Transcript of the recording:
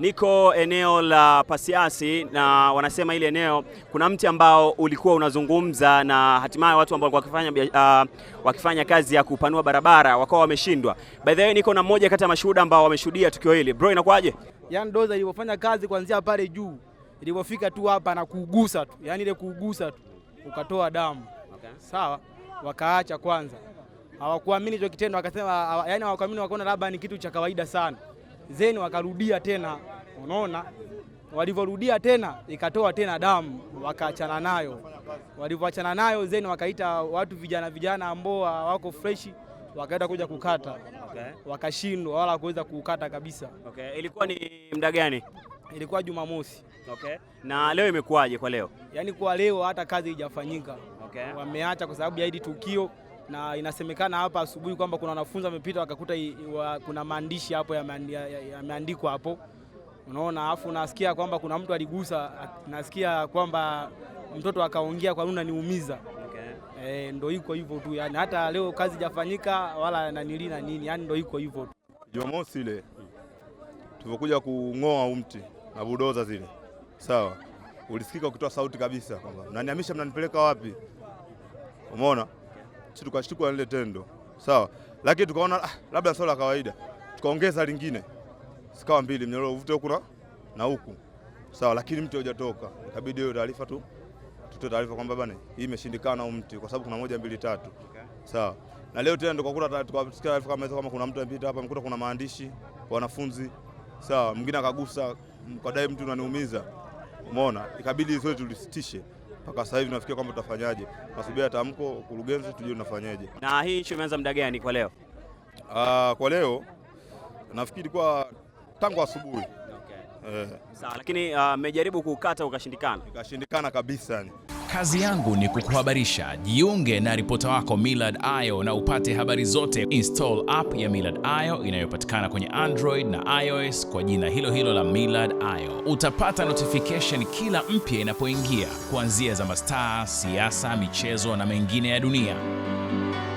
Niko eneo la Pasiansi na wanasema ile eneo kuna mti ambao ulikuwa unazungumza na hatimaye watu ambao walikuwa wakifanya, uh, wakifanya kazi ya kupanua barabara wakawa wameshindwa. By the way, niko na mmoja kati ya mashuhuda ambao wameshuhudia tukio hili. Bro, inakuwaje? Yaani doza ilipofanya kazi kuanzia pale juu ilipofika tu hapa na kuugusa tu, yaani ile kuugusa tu ukatoa damu. Okay. Sawa, wakaacha kwanza, hawakuamini hicho kitendo, wakasema yaani hawakuamini, wakaona labda ni kitu cha kawaida sana then wakarudia tena, unaona walivyorudia tena ikatoa tena damu, wakaachana nayo. Walivyoachana nayo then wakaita watu vijana vijana ambao wako fresh, wakaenda kuja kukata okay. Wakashindwa wala kuweza kukata kabisa okay. Ilikuwa ni muda gani? Ilikuwa Jumamosi okay. Na leo imekuwaje kwa leo? Yaani kwa leo hata kazi haijafanyika okay. Wameacha kwa sababu ya hili tukio na inasemekana hapa asubuhi kwamba kuna wanafunzi wamepita wakakuta wa, kuna maandishi hapo yameandikwa ya, ya hapo unaona, afu nasikia kwamba kuna mtu aligusa, nasikia kwamba mtoto akaongea kwa nuna niumiza. Okay. E, ndo iko hivyo tu yani, hata leo kazi jafanyika wala nanili na nini yani, ndo iko hivyo tu. Jumamosi ile tulivyokuja kung'oa umti na budoza zile, sawa, ulisikika ukitoa sauti kabisa kwamba mnanihamisha, mnanipeleka wapi? Umeona? si tukashtukwa lile tendo sawa, lakini tukaona ah, labda sio la kawaida, tukaongeza lingine, sikawa mbili, mnyororo uvute huku na huku sawa, lakini mti hujatoka, ikabidi hiyo taarifa tu tutoe taarifa kwamba bwana, hii imeshindikana au mti, kwa sababu kuna moja mbili tatu sawa. Na leo tena tukakuta tukasikia taarifa kama hizo, kama kuna mtu anapita hapa, mkuta kuna maandishi kwa wanafunzi sawa, mwingine akagusa, dai mtu unaniumiza, umeona, ikabidi zote tulisitishe mpaka sasa hivi tunafikia kwamba tutafanyaje, tunasubiri tamko kurugenzi, tujue tunafanyaje. Na hii nchi imeanza muda gani kwa leo? Uh, kwa leo nafikiri kwa tangu asubuhi Eh. lakini ah, mmejaribu uh, kukata ukashindikana. Ikashindikana kabisa yani. Kazi yangu ni kukuhabarisha. Jiunge na ripota wako Millard Ayo na upate habari zote. Install app ya Millard Ayo inayopatikana kwenye Android na iOS kwa jina hilo hilo la Millard Ayo. Utapata notification kila mpya inapoingia, kuanzia za mastaa, siasa, michezo na mengine ya dunia.